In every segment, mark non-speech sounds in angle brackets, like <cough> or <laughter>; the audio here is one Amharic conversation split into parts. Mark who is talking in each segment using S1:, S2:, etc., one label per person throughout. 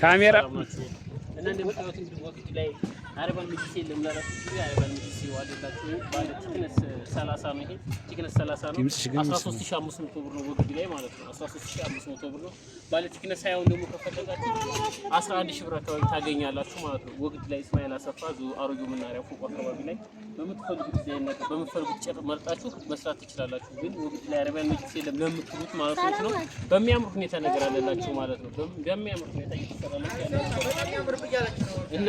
S1: ካሜራ አረብ አልመጅሊስ የለም ለራሱ ጊዜ አረብ አልመጅሊስ ዋለላቸው ባለ ቲክነስ 30 ነው። ይሄ ቲክነስ 30 ነው። 13500 ብር ነው ወግድ ላይ ማለት ነው። 13500 ብር ነው። ባለ ቲክነስ ሃያውን ደግሞ ከፈለጋችሁ 11000 ብር አካባቢ ታገኛላችሁ ማለት ነው። ወግድ ላይ እስማኤል አሰፋ አሮጌው መናኸሪያ ፎቅ አካባቢ ላይ በምትፈልጉት ዲዛይን በምትፈልጉት ጨርቅ መርጣችሁ መስራት ትችላላችሁ። ግን ወግድ ላይ አረብ አልመጅሊስ የለም ለምትሉት ማለት ነው በሚያምር ሁኔታ ነገር አለላችሁ ማለት ነው። በሚያምር ሁኔታ እየተሰራላችሁ እና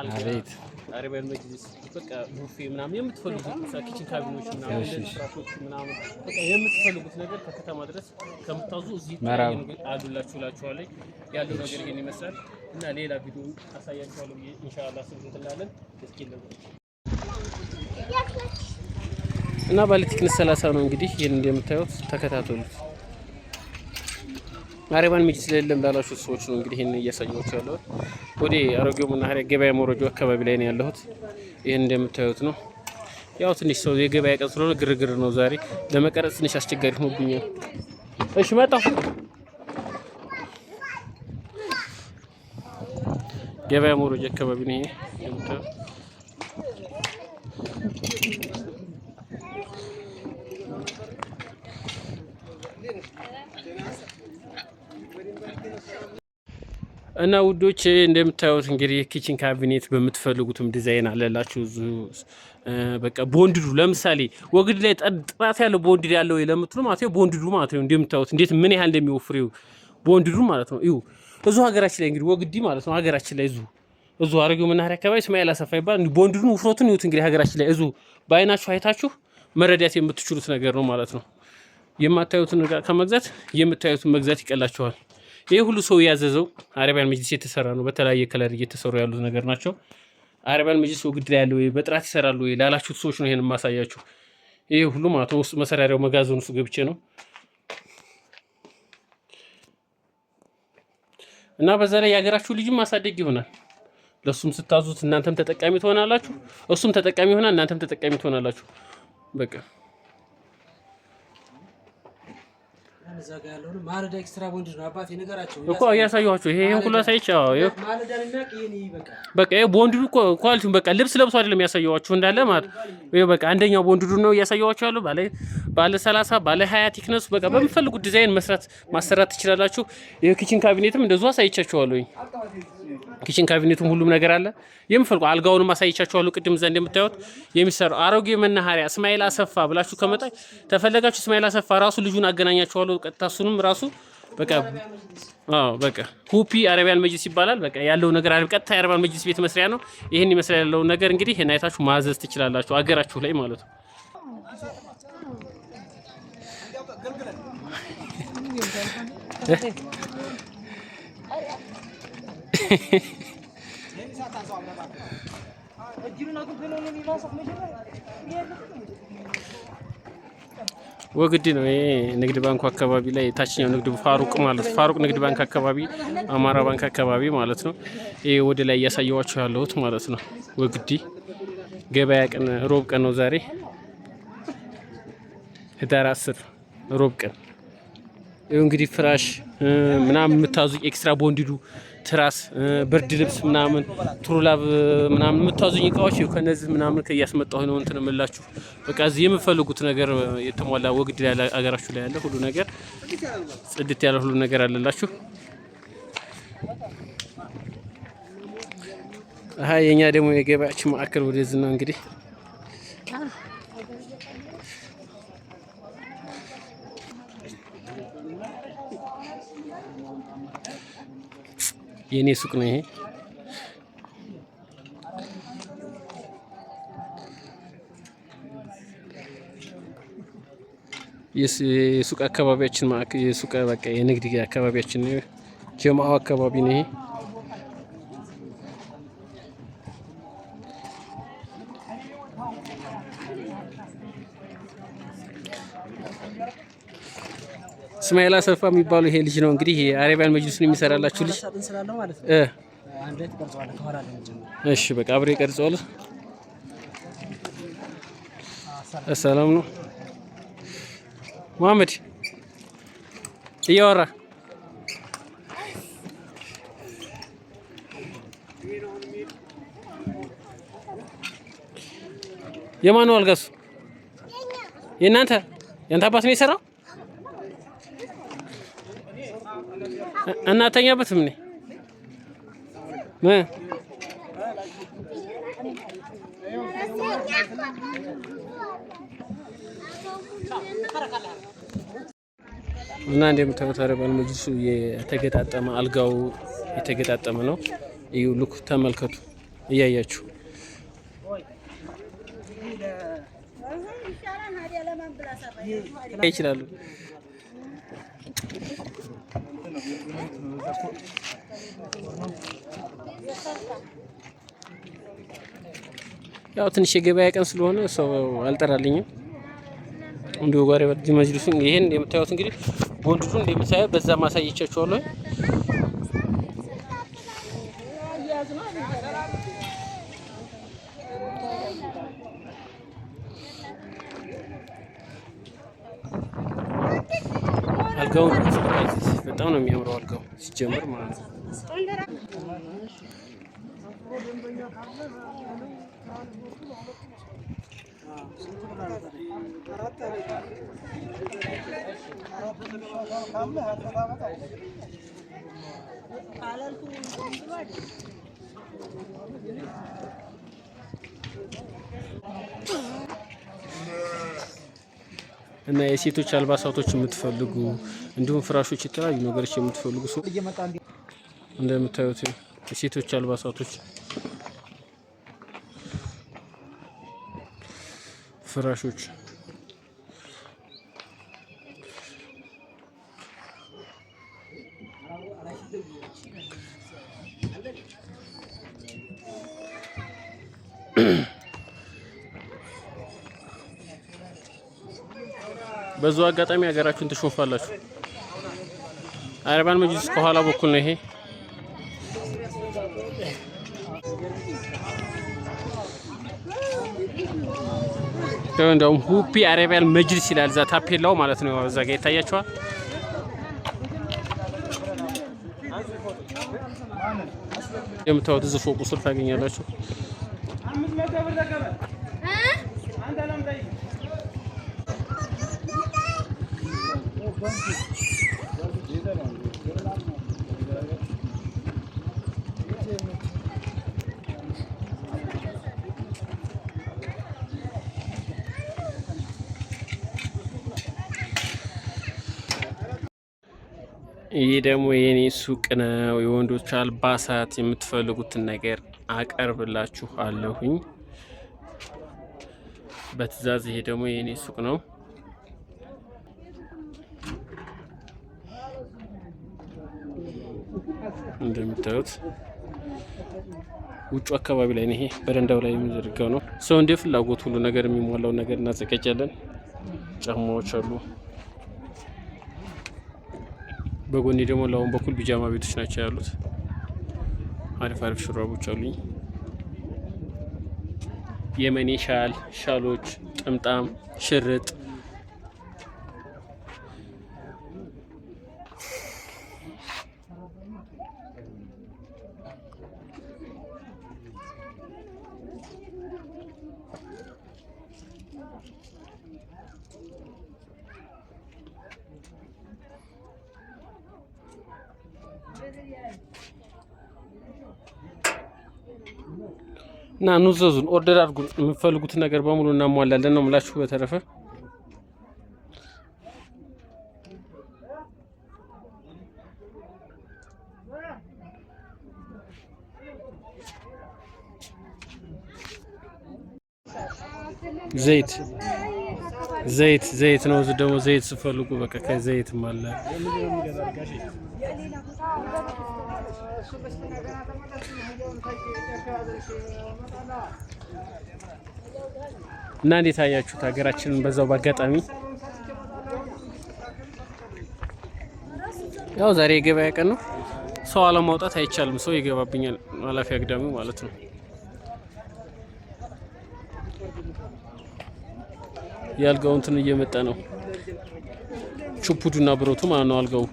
S1: አቤት አረበልመጅ በቃ ቡፌ ምናምን የምትፈልጉት ኪችን ካቢኖች ምናምን በቃ የምትፈልጉት ነገር ከከተማ ድረስ ከምታዙ እዚህ አሉላችሁ እላችኋለሁ። ያለው ነገር ይሄን ይመስላል እና ሌላ ቪዲዮ አሳያችኋለሁ። ኢንሻአላህ ስንት እንላለን እስኪ እና ባለ ቲክነስ 30 ነው እንግዲህ ይሄን እንደምታዩት ተከታተሉት። አረባን መጅሊስ ስለሌለም ላላችሁ ሰዎች ነው እንግዲህ ይህን እያሳየሁት ያለሁት። ወደ አሮጌው መናኸሪያ ገበያ ሞሮጆ አካባቢ ላይ ነው ያለሁት። ይህን እንደምታዩት ነው። ያው ትንሽ ሰው የገበያ ቀን ስለሆነ ግርግር ነው ዛሬ። ለመቀረጽ ትንሽ አስቸጋሪ ሆኖብኛል። እሺ መጣሁ። ገበያ መውረጃ አካባቢ ነው ይሄ እና ውዶች እንደምታዩት እንግዲህ ኪችን ካቢኔት በምትፈልጉትም ዲዛይን አለላችሁ። በቃ ቦንድዱ ለምሳሌ ወግድ ላይ ጥራት ያለው ቦንድድ ያለው ለምትሉ ማለት ነው። ቦንድዱ ማለት ነው እንደምታዩት እንዴት ምን ያህል እንደሚወፍር ቦንድዱ ማለት ነው። ይሁ እዙ ሀገራችን ላይ እንግዲህ ወግዲ ማለት ነው ሀገራችን ላይ እዙ እዙ አረገው መናኸሪያ አካባቢ እስማኤል አሰፋ ይባላል። ቦንድዱን ውፍረቱን ይሁት እንግዲህ ሀገራችን ላይ እዙ በአይናችሁ አይታችሁ መረዳት የምትችሉት ነገር ነው ማለት ነው። የማታዩትን ከመግዛት የምታዩትን መግዛት ይቀላችኋል። ይህ ሁሉ ሰው ያዘዘው አረቢያን መጅሊስ የተሰራ ነው። በተለያየ ከለር እየተሰሩ ያሉት ነገር ናቸው። አረቢያን መጅሊስ ውግድ ላይ ያለው በጥራት ይሰራሉ ወይ ላላችሁት ሰዎች ነው ይሄን የማሳያችሁ። ይህ ሁሉ ማለት ውስጥ መሰራሪያው መጋዘን ውስጥ ገብቼ ነው እና በዛ ላይ የሀገራችሁ ልጅም ማሳደግ ይሆናል። ለእሱም ስታዙት እናንተም ተጠቃሚ ትሆናላችሁ፣ እሱም ተጠቃሚ ይሆናል፣ እናንተም ተጠቃሚ ትሆናላችሁ። በቃ
S2: ማለዳ ኤክስትራ ቦንድ ነው አባቴ ነገራቸው
S1: እኮ እያሳየኋቸው ይሄ ይሄን ሁሉ በቃ ይሄ እኮ በቃ ልብስ ለብሶ አይደለም ያሳየኋችሁ እንዳለ ማለት ይሄ በቃ ነው ባለ ባለ ባለ በቃ በምፈልጉት ዲዛይን መስራት ማሰራት ትችላላችሁ። ይሄ ካቢኔትም እንደዛ አሳይቻችኋለሁ። ኪችን ካቢኔቱም ሁሉም ነገር አለ የምፈልጉ አልጋውንም አሳይቻችኋለሁ። ቅድም እዛ እንደምታዩት የሚሰራው አሮጌ መናኸሪያ እስማኤል አሰፋ ብላችሁ ከመጣ ተፈለጋችሁ እስማኤል አሰፋ ራሱ ልጁን አገናኛችኋለሁ። ቀጥታ እሱንም ራሱ በቃ በቃ ሁፒ አረቢያን መጅሊስ ይባላል። በቃ ያለው ነገር አረብ ቀጥታ የአረቢያን መጅሊስ ቤት መስሪያ ነው። ይህን ይመስላል ያለው ነገር እንግዲህ እናይታችሁ ማዘዝ ትችላላችሁ አገራችሁ ላይ ማለት ነው። <laughs> ወግድ ነው። ይሄ ንግድ ባንኩ አካባቢ ላይ የታችኛው ንግድ ፋሩቅ ማለት ፋሩቅ ንግድ ባንክ አካባቢ፣ አማራ ባንክ አካባቢ ማለት ነው። ይሄ ወደ ላይ እያሳየዋቸው ያለሁት ማለት ነው። ወግዲ ገበያ ቀን ሮብ ቀን ነው ዛሬ ህዳር አስር ሮብ ቀን እንግዲህ ፍራሽ ምናምን የምታዙኝ ኤክስትራ ቦንዲዱ ትራስ፣ ብርድ ልብስ ምናምን ቱሩላብ ምናምን የምታዙኝ እቃዎች ከነዚህ ምናምን ከእያስመጣሁ ነው እንትን የምላችሁ። በቃ እዚህ የምፈልጉት ነገር የተሟላ ወግድ ላይ አገራችሁ ላይ ያለ ሁሉ ነገር ጽድት ያለ ሁሉ ነገር አለላችሁ። አሀ የኛ ደግሞ የገበያችን ማዕከል ወደዚህ ነው እንግዲህ येणे सुकणे हे የሱቅ አካባቢያችን የሱቅ በቃ የንግድ አካባቢያችን ጀማው አካባቢ ነው ይሄ እስማኤል አሰፋ የሚባለው ይሄ ልጅ ነው እንግዲህ አረቢያን መጅሊሱን የሚሰራላችሁ ልጅ። እሺ በቃ አብሬ ቀርጸዋል። ሰላም ነው መሐመድ እያወራ የማን ነው አልጋሱ? የእናንተ አባት ነው የሰራው? እናተኛበትም ምን እና እንደምታዩት አረባል መጅልሱ የተገጣጠመ አልጋው የተገጣጠመ ነው። እዩ ልኩ ተመልከቱ፣ እያያችሁ ይችላሉ። ያው ትንሽ የገበያ ቀን ስለሆነ ሰው አልጠራልኝም። እንዲሁ ጓሬ መጅልሱ ይሄን የምታዩት እንግዲህ ጎንድዱ እንደምታየው በዛ ማሳየቻችኋለሁ። አልጋው በጣም ነው የሚያምረው አልጋው ሲጀምር ማለት ነው። እና የሴቶች አልባሳቶች የምትፈልጉ እንዲሁም ፍራሾች፣ የተለያዩ ነገሮች የምትፈልጉ ሰው እንደምታዩት የሴቶች አልባሳቶች ፍራሾች በዙ አጋጣሚ ሀገራችሁን ትሾፋላችሁ። አረባን መጅሊስ ከኋላ በኩል ነው ይሄ እንደውም ሁፒ አረቢያን መጅሊስ ይላል። እዛ ታፔላው ማለት ነው። እዛ ጋ ይታያቸዋል። የምታዩት እዚህ ፎቁ ስር ታገኛላችሁ። ይህ ደግሞ የኔ ሱቅ ነው። የወንዶች አልባሳት የምትፈልጉትን ነገር አቀርብላችኋለሁኝ በትዕዛዝ። ይሄ ደግሞ የኔ ሱቅ ነው። እንደምታዩት ውጩ አካባቢ ላይ ነው። ይሄ በረንዳው ላይ የሚዘርጋው ነው። ሰው እንደ ፍላጎት ሁሉ ነገር የሚሟላው ነገር እናዘጋጃለን። ጫማዎች አሉ። በጎኔ ደግሞ ለአሁን በኩል ቢጃማ ቤቶች ናቸው ያሉት። አሪፍ አሪፍ ሹራቦች አሉኝ። የመኔ ሻል፣ ሻሎች፣ ጥምጣም፣ ሽርጥ እና ኑዘዙን ኦርደር አድርጉ። የምትፈልጉትን ነገር በሙሉ እናሟላለን ነው ምላችሁ በተረፈ ዘይት ዘይት ዘይት ነው ደግሞ ዘይት ስፈልጉ በቃ ከዘይትም አለ እና እንዴት አያችሁት? ሀገራችንን በዛው በአጋጣሚ ያው ዛሬ የገበያ ቀን ነው። ሰው አለማውጣት አይቻልም። ሰው ይገባብኛል ኃላፊ አግዳሚ ማለት ነው። የአልጋው እንትን እየመጣ ነው። ቹፑዱና ብሮቱ ማለት ነው አልጋው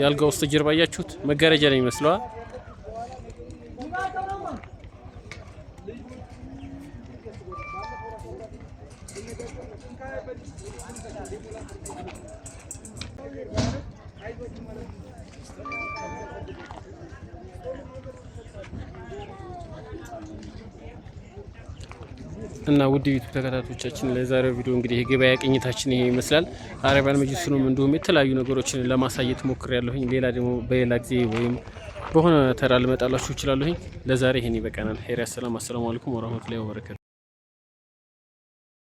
S1: የአልጋ ውስጥ ጀርባ እያችሁት መጋረጃ ነው የሚመስለዋ። እና ውድ ቤቱ ተከታታዮቻችን ለዛሬው ቪዲዮ እንግዲህ የገበያ ቅኝታችን ይሄ ይመስላል። አረቢያን መጅሊሱንም እንዲሁም የተለያዩ ነገሮችን ለማሳየት ሞክር ያለሁኝ። ሌላ ደግሞ በሌላ ጊዜ ወይም በሆነ ተራ ልመጣላችሁ ይችላለሁኝ። ለዛሬ ይሄን ይበቃናል። ሄር ያሰላም። አሰላሙ አለይኩም ወረህመቱላሂ ወበረካቱ